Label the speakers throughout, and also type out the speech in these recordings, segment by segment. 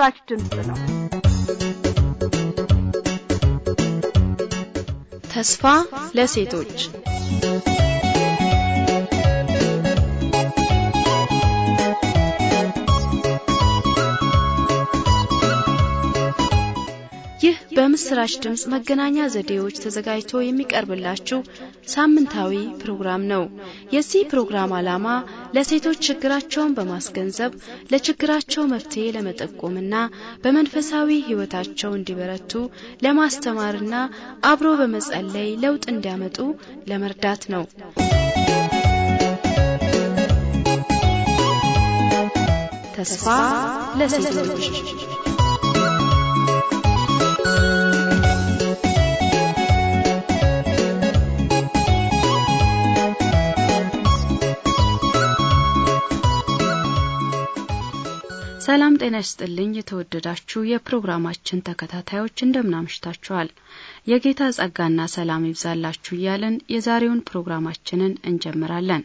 Speaker 1: የምስራች ነው። ተስፋ ለሴቶች ይህ በምስራች ድምፅ መገናኛ ዘዴዎች ተዘጋጅቶ የሚቀርብላችሁ ሳምንታዊ ፕሮግራም ነው። የዚህ ፕሮግራም ዓላማ ለሴቶች ችግራቸውን በማስገንዘብ ለችግራቸው መፍትሄ ለመጠቆምና በመንፈሳዊ ሕይወታቸው እንዲበረቱ ለማስተማርና አብሮ በመጸለይ ለውጥ እንዲያመጡ ለመርዳት ነው። ተስፋ ለሴቶች ሰላም ጤና ይስጥልኝ። የተወደዳችሁ የፕሮግራማችን ተከታታዮች እንደምን አምሽታችኋል? የጌታ ጸጋና ሰላም ይብዛላችሁ እያልን የዛሬውን ፕሮግራማችንን እንጀምራለን።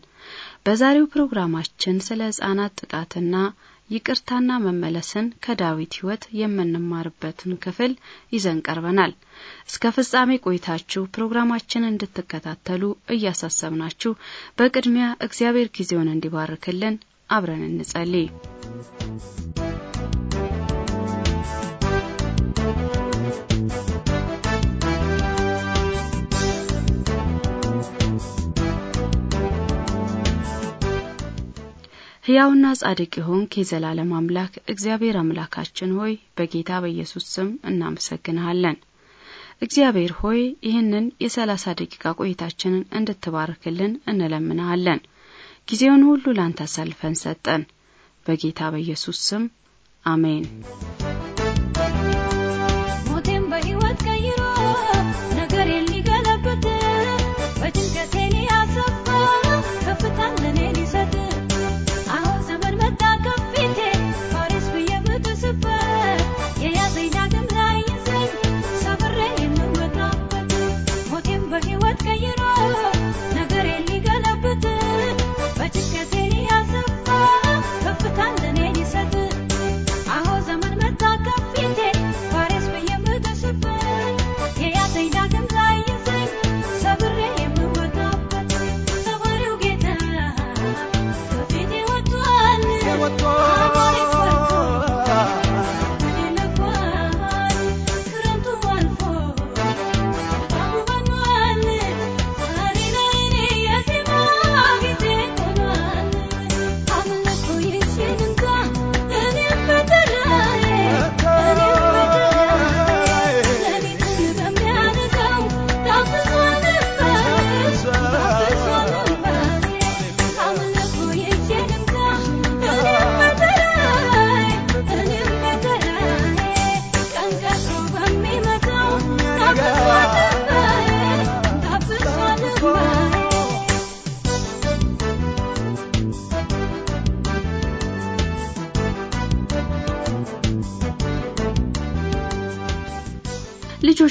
Speaker 1: በዛሬው ፕሮግራማችን ስለ ሕጻናት ጥቃትና ይቅርታና መመለስን ከዳዊት ሕይወት የምንማርበትን ክፍል ይዘን ቀርበናል። እስከ ፍጻሜ ቆይታችሁ ፕሮግራማችንን እንድትከታተሉ እያሳሰብናችሁ፣ በቅድሚያ እግዚአብሔር ጊዜውን እንዲባርክልን አብረን እንጸልይ። ሕያውና ጻድቅ የሆንክ የዘላለም አምላክ እግዚአብሔር አምላካችን ሆይ በጌታ በኢየሱስ ስም እናመሰግንሃለን። እግዚአብሔር ሆይ ይህንን የሰላሳ ደቂቃ ቆይታችንን እንድትባርክልን እንለምንሃለን። ጊዜውን ሁሉ ላንተ አሳልፈን ሰጠን። በጌታ በኢየሱስ ስም አሜን።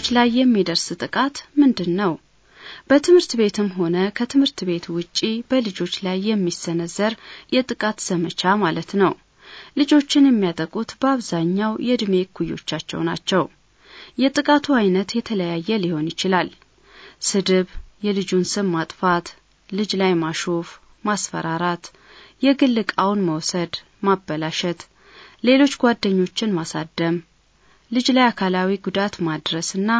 Speaker 1: በልጆች ላይ የሚደርስ ጥቃት ምንድን ነው? በትምህርት ቤትም ሆነ ከትምህርት ቤት ውጪ በልጆች ላይ የሚሰነዘር የጥቃት ዘመቻ ማለት ነው። ልጆችን የሚያጠቁት በአብዛኛው የዕድሜ እኩዮቻቸው ናቸው። የጥቃቱ አይነት የተለያየ ሊሆን ይችላል። ስድብ፣ የልጁን ስም ማጥፋት፣ ልጅ ላይ ማሾፍ፣ ማስፈራራት፣ የግል ዕቃውን መውሰድ፣ ማበላሸት፣ ሌሎች ጓደኞችን ማሳደም ልጅ ላይ አካላዊ ጉዳት ማድረስና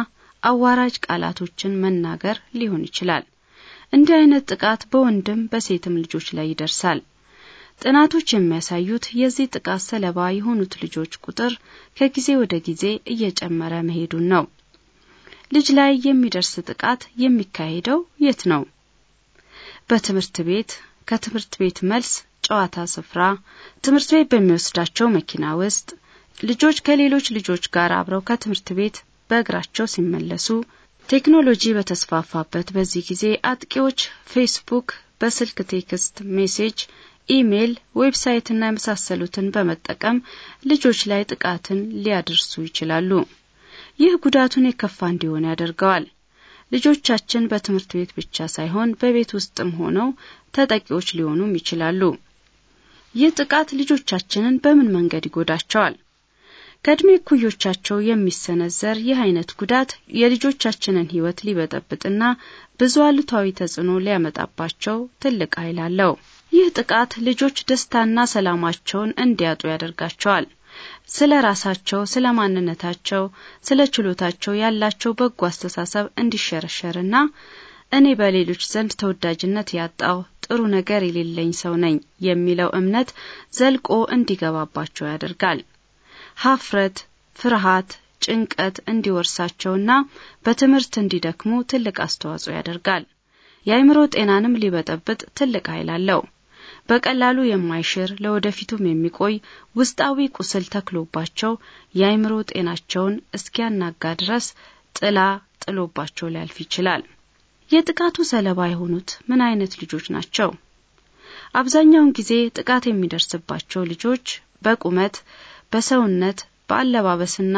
Speaker 1: አዋራጅ ቃላቶችን መናገር ሊሆን ይችላል። እንዲህ አይነት ጥቃት በወንድም በሴትም ልጆች ላይ ይደርሳል። ጥናቶች የሚያሳዩት የዚህ ጥቃት ሰለባ የሆኑት ልጆች ቁጥር ከጊዜ ወደ ጊዜ እየጨመረ መሄዱን ነው። ልጅ ላይ የሚደርስ ጥቃት የሚካሄደው የት ነው? በትምህርት ቤት፣ ከትምህርት ቤት መልስ ጨዋታ ስፍራ፣ ትምህርት ቤት በሚወስዳቸው መኪና ውስጥ፣ ልጆች ከሌሎች ልጆች ጋር አብረው ከትምህርት ቤት በእግራቸው ሲመለሱ ቴክኖሎጂ በተስፋፋበት በዚህ ጊዜ አጥቂዎች ፌስቡክ፣ በስልክ ቴክስት ሜሴጅ፣ ኢሜይል፣ ዌብሳይትና የመሳሰሉትን በመጠቀም ልጆች ላይ ጥቃትን ሊያደርሱ ይችላሉ። ይህ ጉዳቱን የከፋ እንዲሆን ያደርገዋል። ልጆቻችን በትምህርት ቤት ብቻ ሳይሆን በቤት ውስጥም ሆነው ተጠቂዎች ሊሆኑም ይችላሉ። ይህ ጥቃት ልጆቻችንን በምን መንገድ ይጎዳቸዋል? ከእድሜ ኩዮቻቸው የሚሰነዘር ይህ አይነት ጉዳት የልጆቻችንን ሕይወት ሊበጠብጥና ብዙ አሉታዊ ተጽዕኖ ሊያመጣባቸው ትልቅ ኃይል አለው። ይህ ጥቃት ልጆች ደስታና ሰላማቸውን እንዲያጡ ያደርጋቸዋል። ስለ ራሳቸው፣ ስለ ማንነታቸው፣ ስለ ችሎታቸው ያላቸው በጎ አስተሳሰብ እንዲሸረሸርና እኔ በሌሎች ዘንድ ተወዳጅነት ያጣው ጥሩ ነገር የሌለኝ ሰው ነኝ የሚለው እምነት ዘልቆ እንዲገባባቸው ያደርጋል። ሀፍረት፣ ፍርሃት፣ ጭንቀት እንዲወርሳቸውና በትምህርት እንዲደክሙ ትልቅ አስተዋጽኦ ያደርጋል። የአእምሮ ጤናንም ሊበጠብጥ ትልቅ ኃይል አለው። በቀላሉ የማይሽር ለወደፊቱም የሚቆይ ውስጣዊ ቁስል ተክሎባቸው የአእምሮ ጤናቸውን እስኪያናጋ ድረስ ጥላ ጥሎባቸው ሊያልፍ ይችላል። የጥቃቱ ሰለባ የሆኑት ምን አይነት ልጆች ናቸው? አብዛኛውን ጊዜ ጥቃት የሚደርስባቸው ልጆች በቁመት በሰውነት በአለባበስና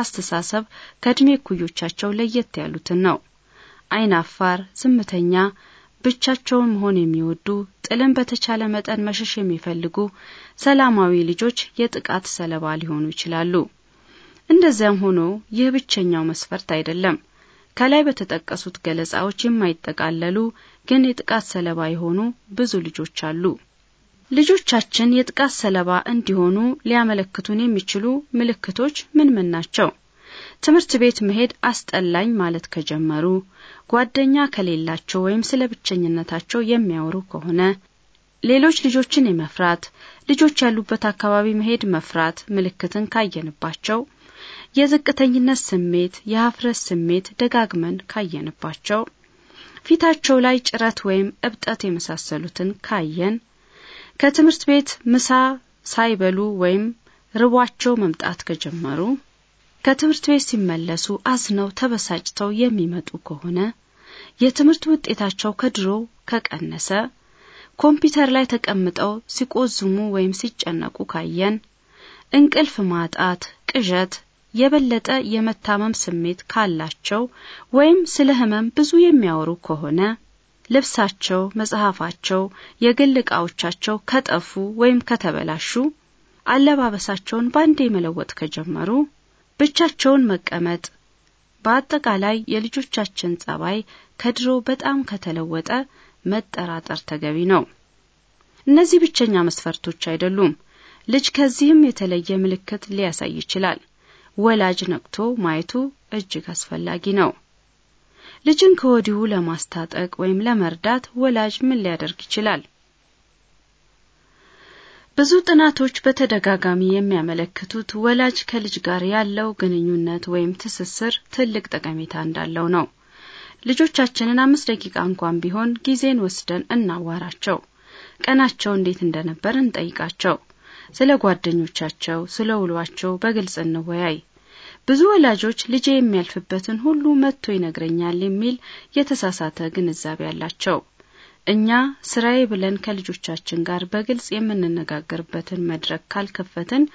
Speaker 1: አስተሳሰብ ከዕድሜ እኩዮቻቸው ለየት ያሉትን ነው። አይን አፋር፣ ዝምተኛ፣ ብቻቸውን መሆን የሚወዱ ጥልን በተቻለ መጠን መሸሽ የሚፈልጉ ሰላማዊ ልጆች የጥቃት ሰለባ ሊሆኑ ይችላሉ። እንደዚያም ሆኖ ይህ ብቸኛው መስፈርት አይደለም። ከላይ በተጠቀሱት ገለጻዎች የማይጠቃለሉ ግን የጥቃት ሰለባ የሆኑ ብዙ ልጆች አሉ። ልጆቻችን የጥቃት ሰለባ እንዲሆኑ ሊያመለክቱን የሚችሉ ምልክቶች ምን ምን ናቸው? ትምህርት ቤት መሄድ አስጠላኝ ማለት ከጀመሩ፣ ጓደኛ ከሌላቸው ወይም ስለ ብቸኝነታቸው የሚያወሩ ከሆነ፣ ሌሎች ልጆችን የመፍራት ልጆች ያሉበት አካባቢ መሄድ መፍራት ምልክትን ካየንባቸው፣ የዝቅተኝነት ስሜት፣ የሀፍረት ስሜት ደጋግመን ካየንባቸው፣ ፊታቸው ላይ ጭረት ወይም እብጠት የመሳሰሉትን ካየን ከትምህርት ቤት ምሳ ሳይበሉ ወይም ርቧቸው መምጣት ከጀመሩ ከትምህርት ቤት ሲመለሱ አዝነው ተበሳጭተው የሚመጡ ከሆነ የትምህርት ውጤታቸው ከድሮ ከቀነሰ ኮምፒውተር ላይ ተቀምጠው ሲቆዝሙ ወይም ሲጨነቁ ካየን እንቅልፍ ማጣት፣ ቅዠት፣ የበለጠ የመታመም ስሜት ካላቸው ወይም ስለ ሕመም ብዙ የሚያወሩ ከሆነ ልብሳቸው፣ መጽሐፋቸው፣ የግል ዕቃዎቻቸው ከጠፉ ወይም ከተበላሹ አለባበሳቸውን ባንዴ መለወጥ ከጀመሩ ብቻቸውን መቀመጥ፣ በአጠቃላይ የልጆቻችን ጸባይ ከድሮ በጣም ከተለወጠ መጠራጠር ተገቢ ነው። እነዚህ ብቸኛ መስፈርቶች አይደሉም። ልጅ ከዚህም የተለየ ምልክት ሊያሳይ ይችላል። ወላጅ ነቅቶ ማየቱ እጅግ አስፈላጊ ነው። ልጅን ከወዲሁ ለማስታጠቅ ወይም ለመርዳት ወላጅ ምን ሊያደርግ ይችላል? ብዙ ጥናቶች በተደጋጋሚ የሚያመለክቱት ወላጅ ከልጅ ጋር ያለው ግንኙነት ወይም ትስስር ትልቅ ጠቀሜታ እንዳለው ነው። ልጆቻችንን አምስት ደቂቃ እንኳን ቢሆን ጊዜን ወስደን እናዋራቸው። ቀናቸው እንዴት እንደነበር እንጠይቃቸው። ስለ ጓደኞቻቸው፣ ስለ ውሏቸው በግልጽ እንወያይ። ብዙ ወላጆች ልጄ የሚያልፍበትን ሁሉ መጥቶ ይነግረኛል የሚል የተሳሳተ ግንዛቤ አላቸው። እኛ ስራዬ ብለን ከልጆቻችን ጋር በግልጽ የምንነጋገርበትን መድረክ ካልከፈትን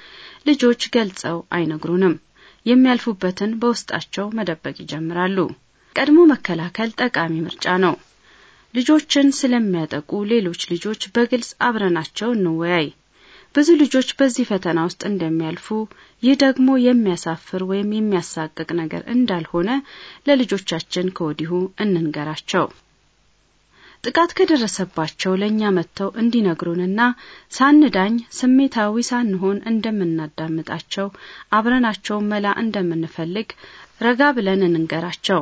Speaker 1: ልጆች ገልጸው አይነግሩንም። የሚያልፉበትን በውስጣቸው መደበቅ ይጀምራሉ። ቀድሞ መከላከል ጠቃሚ ምርጫ ነው። ልጆችን ስለሚያጠቁ ሌሎች ልጆች በግልጽ አብረናቸው እንወያይ። ብዙ ልጆች በዚህ ፈተና ውስጥ እንደሚያልፉ ይህ ደግሞ የሚያሳፍር ወይም የሚያሳቅቅ ነገር እንዳልሆነ ለልጆቻችን ከወዲሁ እንንገራቸው። ጥቃት ከደረሰባቸው ለእኛ መጥተው እንዲነግሩንና ሳንዳኝ ስሜታዊ ሳንሆን እንደምናዳምጣቸው አብረናቸው መላ እንደምንፈልግ ረጋ ብለን እንንገራቸው።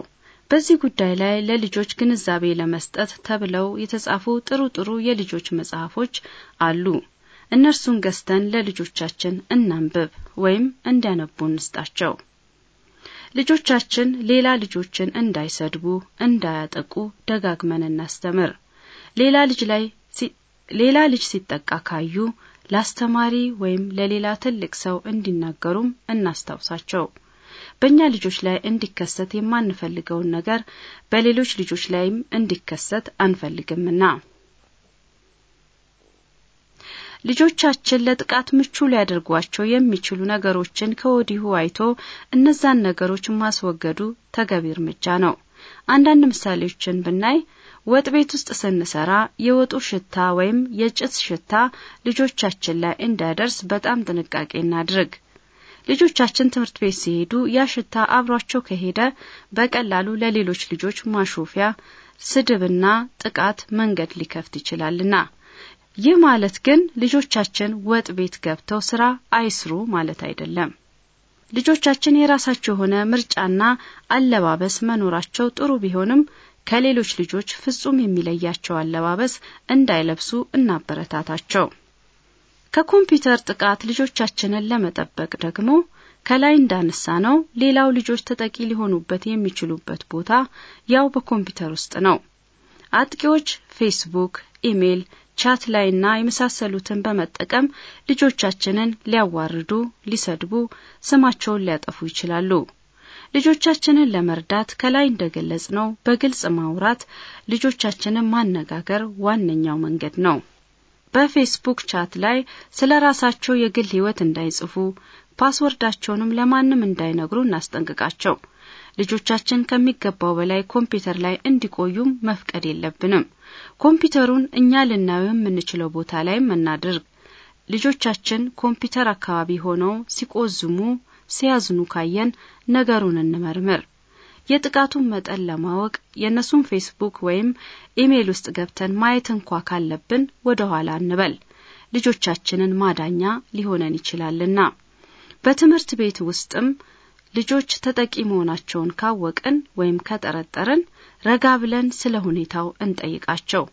Speaker 1: በዚህ ጉዳይ ላይ ለልጆች ግንዛቤ ለመስጠት ተብለው የተጻፉ ጥሩ ጥሩ የልጆች መጽሐፎች አሉ። እነርሱን ገዝተን ለልጆቻችን እናንብብ ወይም እንዲያነቡ እንስጣቸው። ልጆቻችን ሌላ ልጆችን እንዳይሰድቡ፣ እንዳያጠቁ ደጋግመን እናስተምር። ሌላ ልጅ ላይ ሌላ ልጅ ሲጠቃ ካዩ ለአስተማሪ ወይም ለሌላ ትልቅ ሰው እንዲናገሩም እናስታውሳቸው። በእኛ ልጆች ላይ እንዲከሰት የማንፈልገውን ነገር በሌሎች ልጆች ላይም እንዲከሰት አንፈልግምና ልጆቻችን ለጥቃት ምቹ ሊያደርጓቸው የሚችሉ ነገሮችን ከወዲሁ አይቶ እነዛን ነገሮች ማስወገዱ ተገቢ እርምጃ ነው። አንዳንድ ምሳሌዎችን ብናይ ወጥ ቤት ውስጥ ስንሰራ የወጡ ሽታ ወይም የጭስ ሽታ ልጆቻችን ላይ እንዳይደርስ በጣም ጥንቃቄ እናድርግ። ልጆቻችን ትምህርት ቤት ሲሄዱ ያ ሽታ አብሯቸው ከሄደ በቀላሉ ለሌሎች ልጆች ማሾፊያ፣ ስድብና ጥቃት መንገድ ሊከፍት ይችላልና ይህ ማለት ግን ልጆቻችን ወጥ ቤት ገብተው ስራ አይስሩ ማለት አይደለም። ልጆቻችን የራሳቸው የሆነ ምርጫና አለባበስ መኖራቸው ጥሩ ቢሆንም ከሌሎች ልጆች ፍጹም የሚለያቸው አለባበስ እንዳይለብሱ እናበረታታቸው። ከኮምፒውተር ጥቃት ልጆቻችንን ለመጠበቅ ደግሞ ከላይ እንዳነሳ ነው ሌላው ልጆች ተጠቂ ሊሆኑበት የሚችሉበት ቦታ ያው በኮምፒውተር ውስጥ ነው። አጥቂዎች ፌስቡክ፣ ኢሜል፣ ቻት ላይና የመሳሰሉትን በመጠቀም ልጆቻችንን ሊያዋርዱ፣ ሊሰድቡ፣ ስማቸውን ሊያጠፉ ይችላሉ። ልጆቻችንን ለመርዳት ከላይ እንደገለጽ ነው በግልጽ ማውራት፣ ልጆቻችንን ማነጋገር ዋነኛው መንገድ ነው። በፌስቡክ ቻት ላይ ስለ ራሳቸው የግል ሕይወት እንዳይጽፉ ፓስወርዳቸውንም ለማንም እንዳይነግሩ እናስጠንቅቃቸው። ልጆቻችን ከሚገባው በላይ ኮምፒውተር ላይ እንዲቆዩም መፍቀድ የለብንም። ኮምፒውተሩን እኛ ልናየው የምንችለው ቦታ ላይ እናድርግ። ልጆቻችን ኮምፒውተር አካባቢ ሆነው ሲቆዝሙ፣ ሲያዝኑ ካየን ነገሩን እንመርምር። የጥቃቱን መጠን ለማወቅ የእነሱን ፌስቡክ ወይም ኢሜይል ውስጥ ገብተን ማየት እንኳ ካለብን ወደ ኋላ እንበል። ልጆቻችንን ማዳኛ ሊሆነን ይችላልና በትምህርት ቤት ውስጥም ልጆች ተጠቂ መሆናቸውን ካወቅን ወይም ከጠረጠርን ረጋ ብለን ስለ ሁኔታው እንጠይቃቸው፣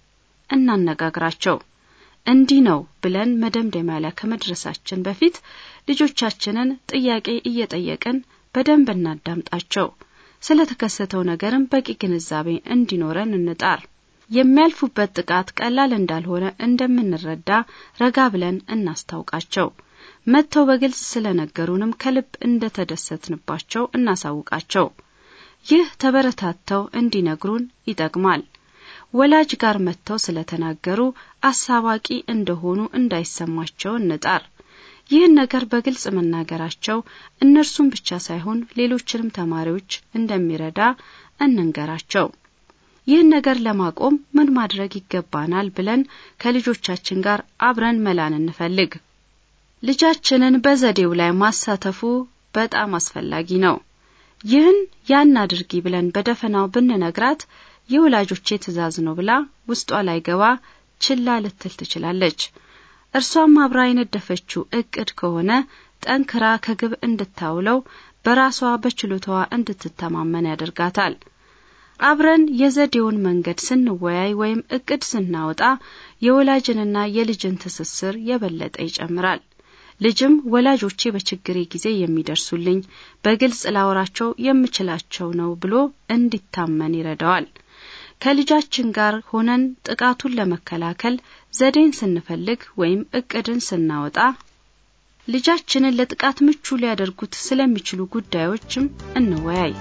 Speaker 1: እናነጋግራቸው። እንዲህ ነው ብለን መደምደሚያ ላይ ከመድረሳችን በፊት ልጆቻችንን ጥያቄ እየጠየቅን በደንብ እናዳምጣቸው። ስለ ተከሰተው ነገርም በቂ ግንዛቤ እንዲኖረን እንጣር። የሚያልፉበት ጥቃት ቀላል እንዳልሆነ እንደምንረዳ ረጋ ብለን እናስታውቃቸው። መጥተው በግልጽ ስለነገሩንም ከልብ እንደተደሰትንባቸው እናሳውቃቸው። ይህ ተበረታተው እንዲነግሩን ይጠቅማል። ወላጅ ጋር መጥተው ስለተናገሩ አሳባቂ እንደሆኑ እንዳይሰማቸው እንጣር። ይህን ነገር በግልጽ መናገራቸው እነርሱም ብቻ ሳይሆን ሌሎችንም ተማሪዎች እንደሚረዳ እንንገራቸው። ይህን ነገር ለማቆም ምን ማድረግ ይገባናል ብለን ከልጆቻችን ጋር አብረን መላን እንፈልግ። ልጃችንን በዘዴው ላይ ማሳተፉ በጣም አስፈላጊ ነው። ይህን ያን አድርጊ ብለን በደፈናው ብንነግራት የወላጆቼ ትዕዛዝ ነው ብላ ውስጧ ላይ ገባ ችላ ልትል ትችላለች። እርሷም አብራ የነደፈችው እቅድ ከሆነ ጠንክራ ከግብ እንድታውለው በራሷ በችሎታዋ እንድትተማመን ያደርጋታል። አብረን የዘዴውን መንገድ ስንወያይ ወይም እቅድ ስናወጣ የወላጅንና የልጅን ትስስር የበለጠ ይጨምራል። ልጅም ወላጆቼ በችግሬ ጊዜ የሚደርሱልኝ በግልጽ ላወራቸው የምችላቸው ነው ብሎ እንዲታመን ይረዳዋል። ከልጃችን ጋር ሆነን ጥቃቱን ለመከላከል ዘዴን ስንፈልግ ወይም እቅድን ስናወጣ ልጃችንን ለጥቃት ምቹ ሊያደርጉት ስለሚችሉ ጉዳዮችም እንወያይ።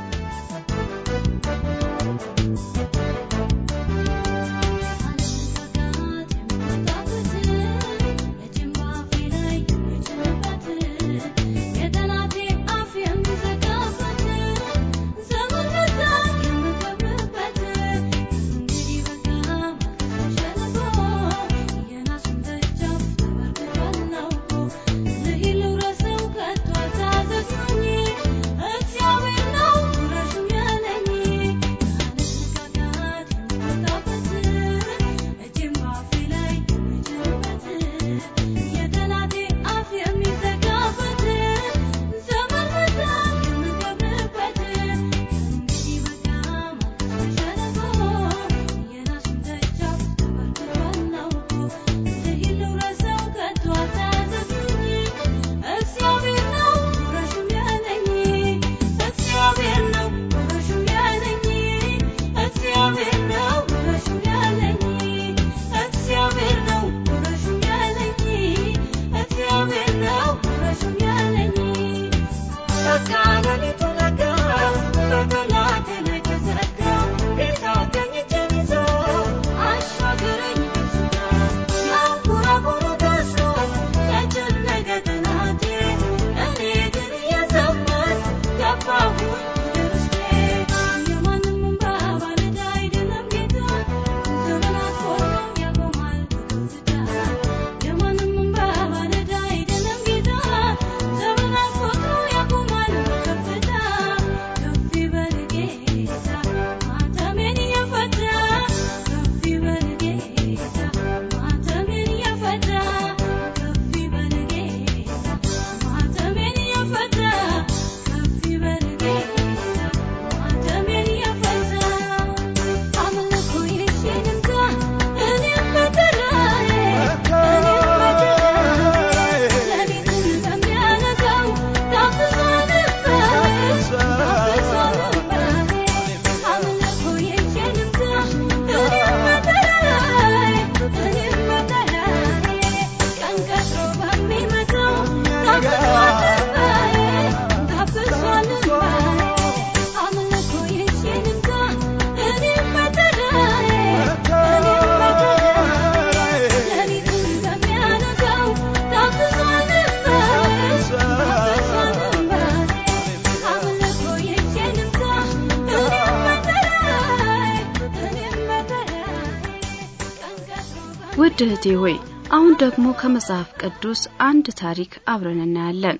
Speaker 1: ውድ እህቴ ሆይ አሁን ደግሞ ከመጽሐፍ ቅዱስ አንድ ታሪክ አብረን እናያለን።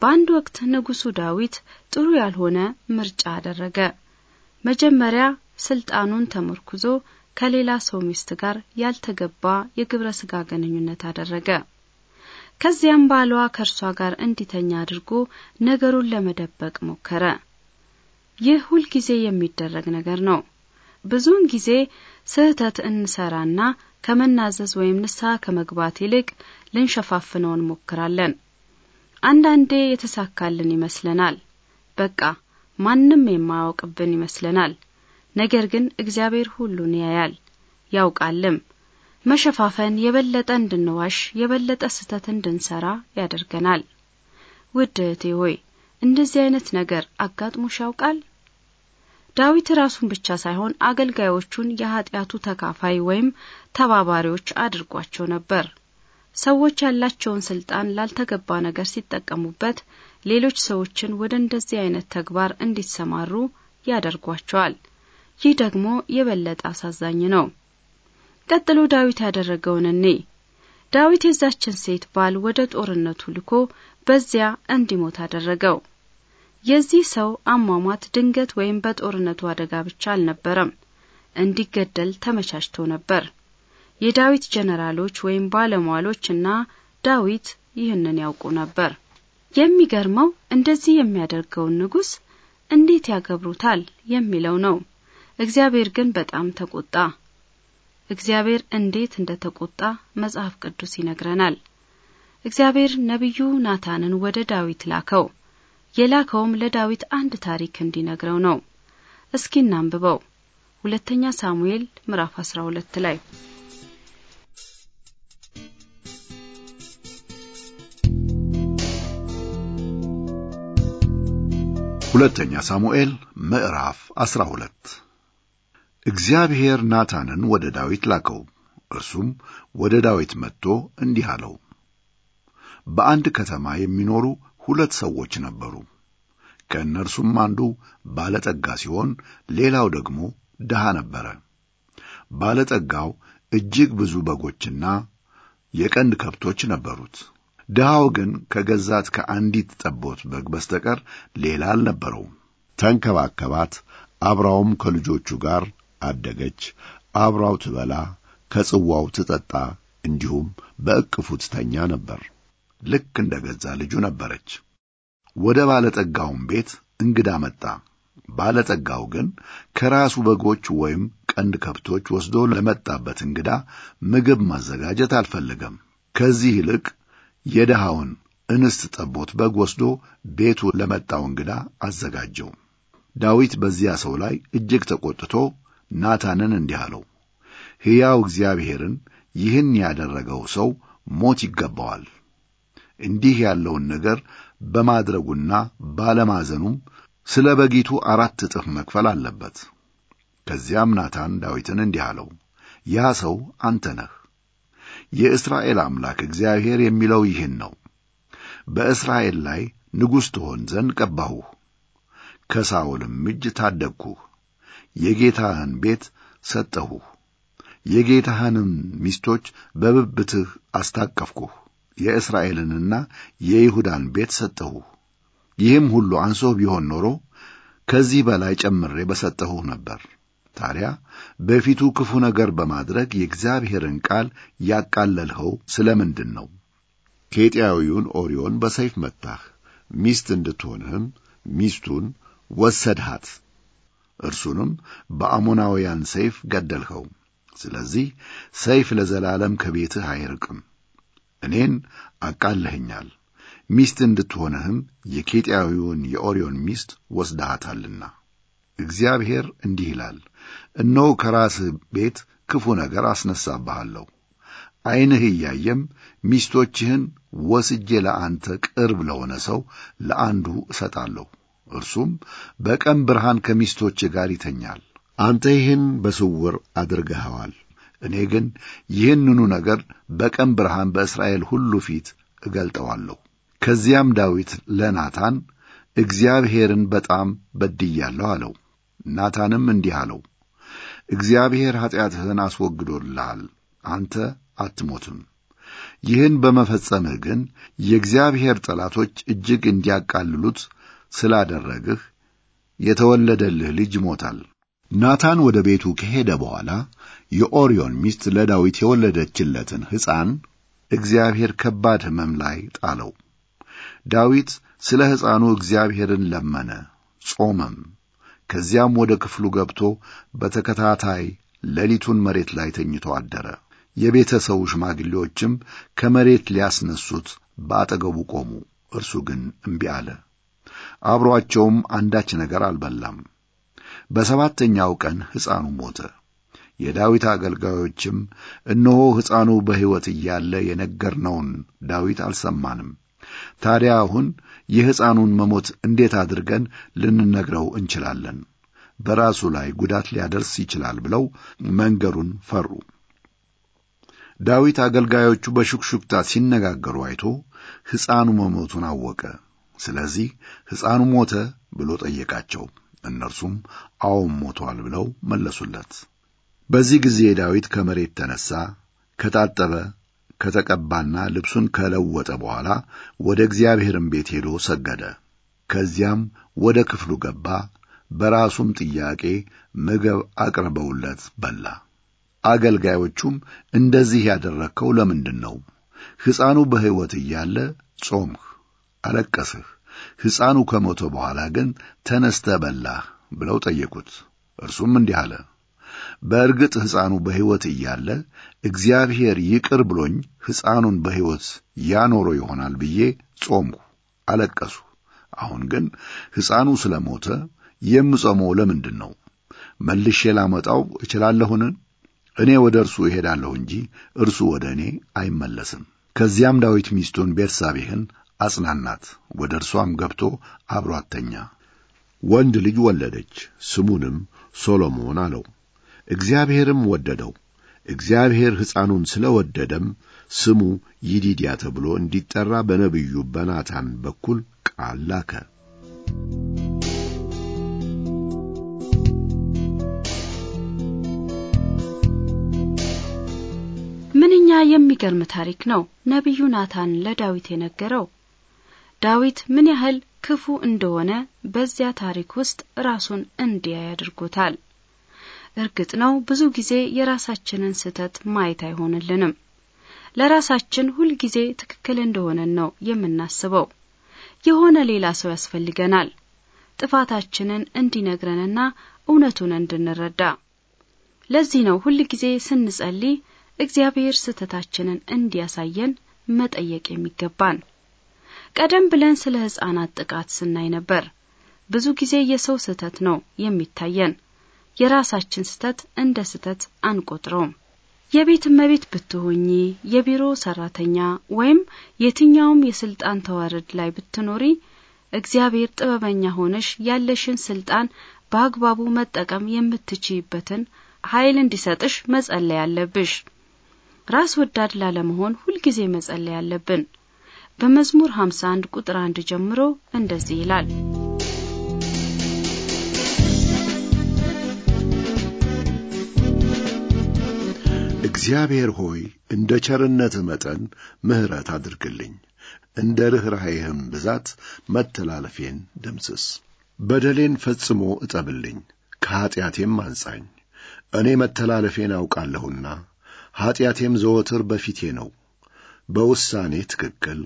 Speaker 1: በአንድ ወቅት ንጉሡ ዳዊት ጥሩ ያልሆነ ምርጫ አደረገ። መጀመሪያ ስልጣኑን ተመርኩዞ ከሌላ ሰው ሚስት ጋር ያልተገባ የግብረ ስጋ ግንኙነት አደረገ። ከዚያም ባሏ ከእርሷ ጋር እንዲተኛ አድርጎ ነገሩን ለመደበቅ ሞከረ። ይህ ሁልጊዜ የሚደረግ ነገር ነው። ብዙውን ጊዜ ስህተት እንሰራና ከመናዘዝ ወይም ንስሐ ከመግባት ይልቅ ልንሸፋፍነው እንሞክራለን። አንዳንዴ የተሳካልን ይመስለናል። በቃ ማንም የማያውቅብን ይመስለናል። ነገር ግን እግዚአብሔር ሁሉን ያያል ያውቃልም። መሸፋፈን የበለጠ እንድንዋሽ፣ የበለጠ ስህተት እንድንሰራ ያደርገናል። ውድ እህቴ ሆይ እንደዚህ አይነት ነገር አጋጥሞሽ ያውቃል? ዳዊት ራሱን ብቻ ሳይሆን አገልጋዮቹን የኃጢአቱ ተካፋይ ወይም ተባባሪዎች አድርጓቸው ነበር። ሰዎች ያላቸውን ስልጣን ላልተገባ ነገር ሲጠቀሙበት ሌሎች ሰዎችን ወደ እንደዚህ አይነት ተግባር እንዲሰማሩ ያደርጓቸዋል። ይህ ደግሞ የበለጠ አሳዛኝ ነው። ቀጥሎ ዳዊት ያደረገውን እኔ ዳዊት የዛችን ሴት ባል ወደ ጦርነቱ ልኮ በዚያ እንዲሞት አደረገው። የዚህ ሰው አሟሟት ድንገት ወይም በጦርነቱ አደጋ ብቻ አልነበረም፣ እንዲገደል ተመቻችቶ ነበር። የዳዊት ጀነራሎች ወይም ባለሟሎችና ዳዊት ይህንን ያውቁ ነበር። የሚገርመው እንደዚህ የሚያደርገውን ንጉሥ እንዴት ያገብሩታል የሚለው ነው። እግዚአብሔር ግን በጣም ተቆጣ። እግዚአብሔር እንዴት እንደ ተቆጣ መጽሐፍ ቅዱስ ይነግረናል። እግዚአብሔር ነቢዩ ናታንን ወደ ዳዊት ላከው። የላከውም ለዳዊት አንድ ታሪክ እንዲነግረው ነው። እስኪ እናንብበው። ሁለተኛ ሳሙኤል ምዕራፍ 12 ላይ
Speaker 2: ሁለተኛ ሳሙኤል ምዕራፍ 12 እግዚአብሔር ናታንን ወደ ዳዊት ላከው። እርሱም ወደ ዳዊት መጥቶ እንዲህ አለው፣ በአንድ ከተማ የሚኖሩ ሁለት ሰዎች ነበሩ። ከእነርሱም አንዱ ባለጠጋ ሲሆን ሌላው ደግሞ ድሃ ነበረ። ባለጠጋው እጅግ ብዙ በጎችና የቀንድ ከብቶች ነበሩት። ድሃው ግን ከገዛት ከአንዲት ጠቦት በግ በስተቀር ሌላ አልነበረውም። ተንከባከባት፣ አብራውም ከልጆቹ ጋር አደገች። አብራው ትበላ፣ ከጽዋው ትጠጣ፣ እንዲሁም በእቅፉ ትተኛ ነበር። ልክ እንደ ገዛ ልጁ ነበረች። ወደ ባለጠጋውም ቤት እንግዳ መጣ። ባለጠጋው ግን ከራሱ በጎች ወይም ቀንድ ከብቶች ወስዶ ለመጣበት እንግዳ ምግብ ማዘጋጀት አልፈለገም። ከዚህ ይልቅ የድሃውን እንስት ጠቦት በግ ወስዶ ቤቱ ለመጣው እንግዳ አዘጋጀው። ዳዊት በዚያ ሰው ላይ እጅግ ተቆጥቶ ናታንን እንዲህ አለው፣ ሕያው እግዚአብሔርን ይህን ያደረገው ሰው ሞት ይገባዋል። እንዲህ ያለውን ነገር በማድረጉና ባለማዘኑም ስለ በጊቱ አራት እጥፍ መክፈል አለበት። ከዚያም ናታን ዳዊትን እንዲህ አለው፣ ያ ሰው አንተ ነህ። የእስራኤል አምላክ እግዚአብሔር የሚለው ይህን ነው። በእስራኤል ላይ ንጉሥ ትሆን ዘንድ ቀባሁህ፣ ከሳውልም እጅ ታደግሁህ፣ የጌታህን ቤት ሰጠሁህ፣ የጌታህንም ሚስቶች በብብትህ አስታቀፍኩህ የእስራኤልንና የይሁዳን ቤት ሰጠሁህ። ይህም ሁሉ አንሶ ቢሆን ኖሮ ከዚህ በላይ ጨምሬ በሰጠሁህ ነበር። ታዲያ በፊቱ ክፉ ነገር በማድረግ የእግዚአብሔርን ቃል ያቃለልኸው ስለ ምንድን ነው? ኬጢያዊውን ኦሪዮን በሰይፍ መታህ፣ ሚስት እንድትሆንህም ሚስቱን ወሰድሃት፣ እርሱንም በአሞናውያን ሰይፍ ገደልኸው። ስለዚህ ሰይፍ ለዘላለም ከቤትህ አይርቅም። እኔን አቃለህኛል፣ ሚስት እንድትሆነህም የኬጢያዊውን የኦሪዮን ሚስት ወስደሃታልና። እግዚአብሔር እንዲህ ይላል፣ እነሆ ከራስህ ቤት ክፉ ነገር አስነሳብሃለሁ ዐይንህ እያየም ሚስቶችህን ወስጄ ለአንተ ቅርብ ለሆነ ሰው ለአንዱ እሰጣለሁ፣ እርሱም በቀን ብርሃን ከሚስቶች ጋር ይተኛል። አንተ ይህን በስውር አድርገኸዋል። እኔ ግን ይህንኑ ነገር በቀን ብርሃን በእስራኤል ሁሉ ፊት እገልጠዋለሁ። ከዚያም ዳዊት ለናታን እግዚአብሔርን በጣም በድያለሁ አለው። ናታንም እንዲህ አለው፣ እግዚአብሔር ኀጢአትህን አስወግዶልሃል፣ አንተ አትሞትም። ይህን በመፈጸምህ ግን የእግዚአብሔር ጠላቶች እጅግ እንዲያቃልሉት ስላደረግህ የተወለደልህ ልጅ ይሞታል። ናታን ወደ ቤቱ ከሄደ በኋላ የኦርዮን ሚስት ለዳዊት የወለደችለትን ሕፃን እግዚአብሔር ከባድ ሕመም ላይ ጣለው። ዳዊት ስለ ሕፃኑ እግዚአብሔርን ለመነ፣ ጾመም። ከዚያም ወደ ክፍሉ ገብቶ በተከታታይ ሌሊቱን መሬት ላይ ተኝቶ አደረ። የቤተ ሰው ሽማግሌዎችም ከመሬት ሊያስነሱት በአጠገቡ ቆሙ። እርሱ ግን እምቢ አለ። አብሮአቸውም አንዳች ነገር አልበላም። በሰባተኛው ቀን ሕፃኑ ሞተ። የዳዊት አገልጋዮችም እነሆ ሕፃኑ በሕይወት እያለ የነገርነውን ዳዊት አልሰማንም። ታዲያ አሁን የሕፃኑን መሞት እንዴት አድርገን ልንነግረው እንችላለን? በራሱ ላይ ጉዳት ሊያደርስ ይችላል ብለው መንገሩን ፈሩ። ዳዊት አገልጋዮቹ በሹክሹክታ ሲነጋገሩ አይቶ ሕፃኑ መሞቱን አወቀ። ስለዚህ ሕፃኑ ሞተ ብሎ ጠየቃቸው። እነርሱም አዎም ሞቷል ብለው መለሱለት። በዚህ ጊዜ ዳዊት ከመሬት ተነሣ፣ ከታጠበ ከተቀባና ልብሱን ከለወጠ በኋላ ወደ እግዚአብሔርም ቤት ሄዶ ሰገደ። ከዚያም ወደ ክፍሉ ገባ። በራሱም ጥያቄ ምግብ አቅርበውለት በላ። አገልጋዮቹም እንደዚህ ያደረግከው ለምንድን ነው? ሕፃኑ በሕይወት እያለ ጾምህ፣ አለቀስህ፣ ሕፃኑ ከሞተ በኋላ ግን ተነስተ በላህ ብለው ጠየቁት። እርሱም እንዲህ አለ በእርግጥ ሕፃኑ በሕይወት እያለ እግዚአብሔር ይቅር ብሎኝ ሕፃኑን በሕይወት ያኖሮ ይሆናል ብዬ ጾምሁ፣ አለቀሱ። አሁን ግን ሕፃኑ ስለ ሞተ የምጾመው ለምንድን ነው? መልሼ ላመጣው እችላለሁን? እኔ ወደ እርሱ እሄዳለሁ እንጂ እርሱ ወደ እኔ አይመለስም። ከዚያም ዳዊት ሚስቱን ቤርሳቤህን አጽናናት፣ ወደ እርሷም ገብቶ አብሯተኛ ወንድ ልጅ ወለደች፣ ስሙንም ሶሎሞን አለው። እግዚአብሔርም ወደደው። እግዚአብሔር ሕፃኑን ስለ ወደደም ስሙ ይዲድያ ተብሎ እንዲጠራ በነቢዩ በናታን በኩል ቃል ላከ።
Speaker 1: ምንኛ የሚገርም ታሪክ ነው! ነቢዩ ናታን ለዳዊት የነገረው ዳዊት ምን ያህል ክፉ እንደሆነ በዚያ ታሪክ ውስጥ ራሱን እንዲያ አድርጎታል። እርግጥ ነው ብዙ ጊዜ የራሳችንን ስህተት ማየት አይሆንልንም። ለራሳችን ሁልጊዜ ትክክል እንደሆነን ነው የምናስበው። የሆነ ሌላ ሰው ያስፈልገናል ጥፋታችንን እንዲነግረንና እውነቱን እንድንረዳ። ለዚህ ነው ሁልጊዜ ስንጸልይ እግዚአብሔር ስህተታችንን እንዲያሳየን መጠየቅ የሚገባን። ቀደም ብለን ስለ ሕፃናት ጥቃት ስናይ ነበር። ብዙ ጊዜ የሰው ስህተት ነው የሚታየን። የራሳችን ስህተት እንደ ስህተት አንቆጥረውም። የቤት እመቤት ብትሆኚ፣ የቢሮ ሰራተኛ ወይም የትኛውም የስልጣን ተዋረድ ላይ ብትኖሪ እግዚአብሔር ጥበበኛ ሆነሽ ያለሽን ስልጣን በአግባቡ መጠቀም የምትችይበትን ኃይል እንዲሰጥሽ መጸለይ አለብሽ። ራስ ወዳድ ላለመሆን ሁልጊዜ መጸለይ አለብን። በመዝሙር 51 ቁጥር አንድ ጀምሮ እንደዚህ ይላል።
Speaker 2: እግዚአብሔር ሆይ እንደ ቸርነት መጠን ምሕረት አድርግልኝ፣ እንደ ርኅራኄህም ብዛት መተላለፌን ደምስስ። በደሌን ፈጽሞ እጠብልኝ፣ ከኀጢአቴም አንጻኝ። እኔ መተላለፌን አውቃለሁና ኀጢአቴም ዘወትር በፊቴ ነው። በውሳኔ ትክክል፣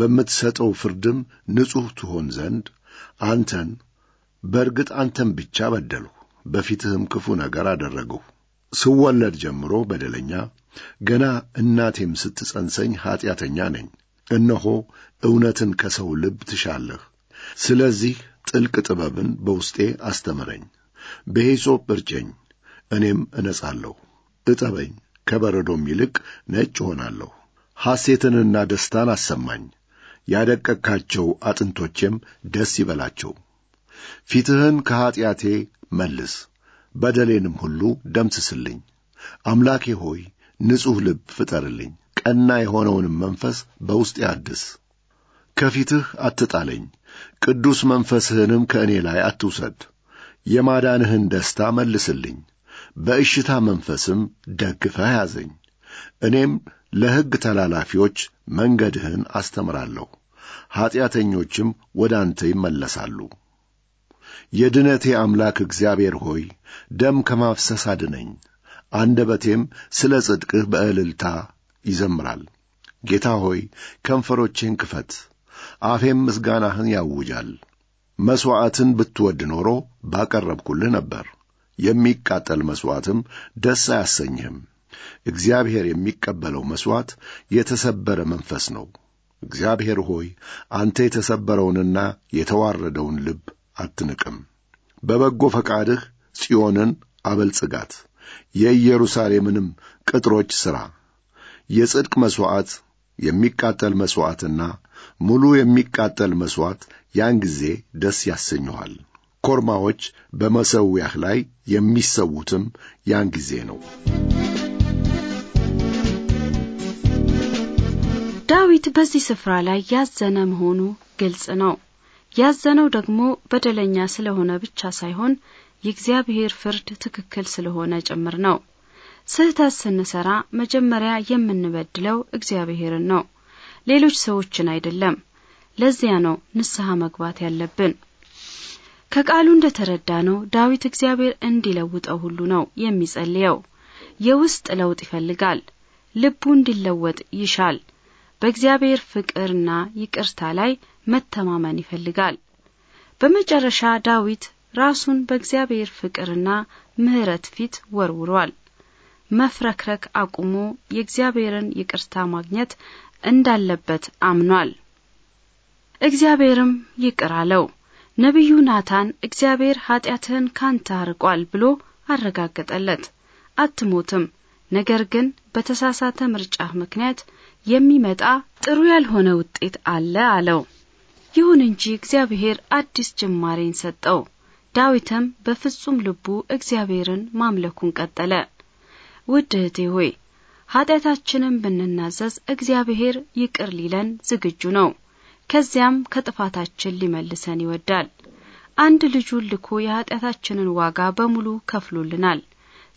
Speaker 2: በምትሰጠው ፍርድም ንጹሕ ትሆን ዘንድ አንተን በእርግጥ አንተን ብቻ በደልሁ፣ በፊትህም ክፉ ነገር አደረግሁ። ስወለድ ጀምሮ በደለኛ፣ ገና እናቴም ስትጸንሰኝ ኀጢአተኛ ነኝ። እነሆ እውነትን ከሰው ልብ ትሻለህ። ስለዚህ ጥልቅ ጥበብን በውስጤ አስተምረኝ። በሂሶጵ እርጨኝ፣ እኔም እነጻለሁ። እጠበኝ፣ ከበረዶም ይልቅ ነጭ ሆናለሁ። ሐሴትንና ደስታን አሰማኝ፣ ያደቀካቸው አጥንቶቼም ደስ ይበላቸው። ፊትህን ከኀጢአቴ መልስ በደሌንም ሁሉ ደምስስልኝ። አምላኬ ሆይ ንጹሕ ልብ ፍጠርልኝ፣ ቀና የሆነውንም መንፈስ በውስጤ አድስ። ከፊትህ አትጣለኝ፣ ቅዱስ መንፈስህንም ከእኔ ላይ አትውሰድ። የማዳንህን ደስታ መልስልኝ፣ በእሽታ መንፈስም ደግፈህ ያዘኝ። እኔም ለሕግ ተላላፊዎች መንገድህን አስተምራለሁ፣ ኀጢአተኞችም ወደ አንተ ይመለሳሉ። የድነቴ አምላክ እግዚአብሔር ሆይ ደም ከማፍሰስ አድነኝ፣ አንደበቴም ስለ ጽድቅህ በእልልታ ይዘምራል። ጌታ ሆይ ከንፈሮቼን ክፈት፣ አፌም ምስጋናህን ያውጃል። መሥዋዕትን ብትወድ ኖሮ ባቀረብኩልህ ነበር፣ የሚቃጠል መሥዋዕትም ደስ አያሰኝህም። እግዚአብሔር የሚቀበለው መሥዋዕት የተሰበረ መንፈስ ነው። እግዚአብሔር ሆይ አንተ የተሰበረውንና የተዋረደውን ልብ አትንቅም። በበጎ ፈቃድህ ጽዮንን አበልጽጋት፣ የኢየሩሳሌምንም ቅጥሮች ሥራ። የጽድቅ መሥዋዕት፣ የሚቃጠል መሥዋዕትና ሙሉ የሚቃጠል መሥዋዕት ያን ጊዜ ደስ ያሰኘኋል። ኮርማዎች በመሠዊያህ ላይ የሚሰዉትም ያን ጊዜ ነው።
Speaker 1: ዳዊት በዚህ ስፍራ ላይ ያዘነ መሆኑ ግልጽ ነው። ያዘነው ደግሞ በደለኛ ስለሆነ ብቻ ሳይሆን የእግዚአብሔር ፍርድ ትክክል ስለሆነ ጭምር ነው። ስህተት ስንሰራ መጀመሪያ የምንበድለው እግዚአብሔርን ነው፣ ሌሎች ሰዎችን አይደለም። ለዚያ ነው ንስሐ መግባት ያለብን። ከቃሉ እንደተረዳ ነው ዳዊት እግዚአብሔር እንዲለውጠው ሁሉ ነው የሚጸልየው። የውስጥ ለውጥ ይፈልጋል። ልቡ እንዲለወጥ ይሻል። በእግዚአብሔር ፍቅርና ይቅርታ ላይ መተማመን ይፈልጋል። በመጨረሻ ዳዊት ራሱን በእግዚአብሔር ፍቅርና ምሕረት ፊት ወርውሯል። መፍረክረክ አቁሞ የእግዚአብሔርን ይቅርታ ማግኘት እንዳለበት አምኗል። እግዚአብሔርም ይቅር አለው። ነቢዩ ናታን እግዚአብሔር ኀጢአትህን ካንተ አርቋል ብሎ አረጋገጠለት። አትሞትም ነገር ግን በተሳሳተ ምርጫ ምክንያት የሚመጣ ጥሩ ያልሆነ ውጤት አለ አለው። ይሁን እንጂ እግዚአብሔር አዲስ ጅማሬን ሰጠው። ዳዊትም በፍጹም ልቡ እግዚአብሔርን ማምለኩን ቀጠለ። ውድ እህቴ ሆይ ኃጢአታችንን ብንናዘዝ እግዚአብሔር ይቅር ሊለን ዝግጁ ነው። ከዚያም ከጥፋታችን ሊመልሰን ይወዳል። አንድ ልጁን ልኮ የኃጢአታችንን ዋጋ በሙሉ ከፍሎልናል።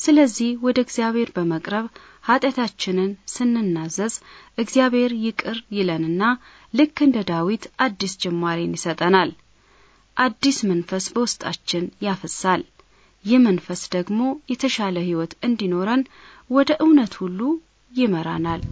Speaker 1: ስለዚህ ወደ እግዚአብሔር በመቅረብ ኃጢአታችንን ስንናዘዝ እግዚአብሔር ይቅር ይለንና ልክ እንደ ዳዊት አዲስ ጅማሬን ይሰጠናል። አዲስ መንፈስ በውስጣችን ያፈሳል። ይህ መንፈስ ደግሞ የተሻለ ሕይወት እንዲኖረን ወደ እውነት ሁሉ ይመራናል።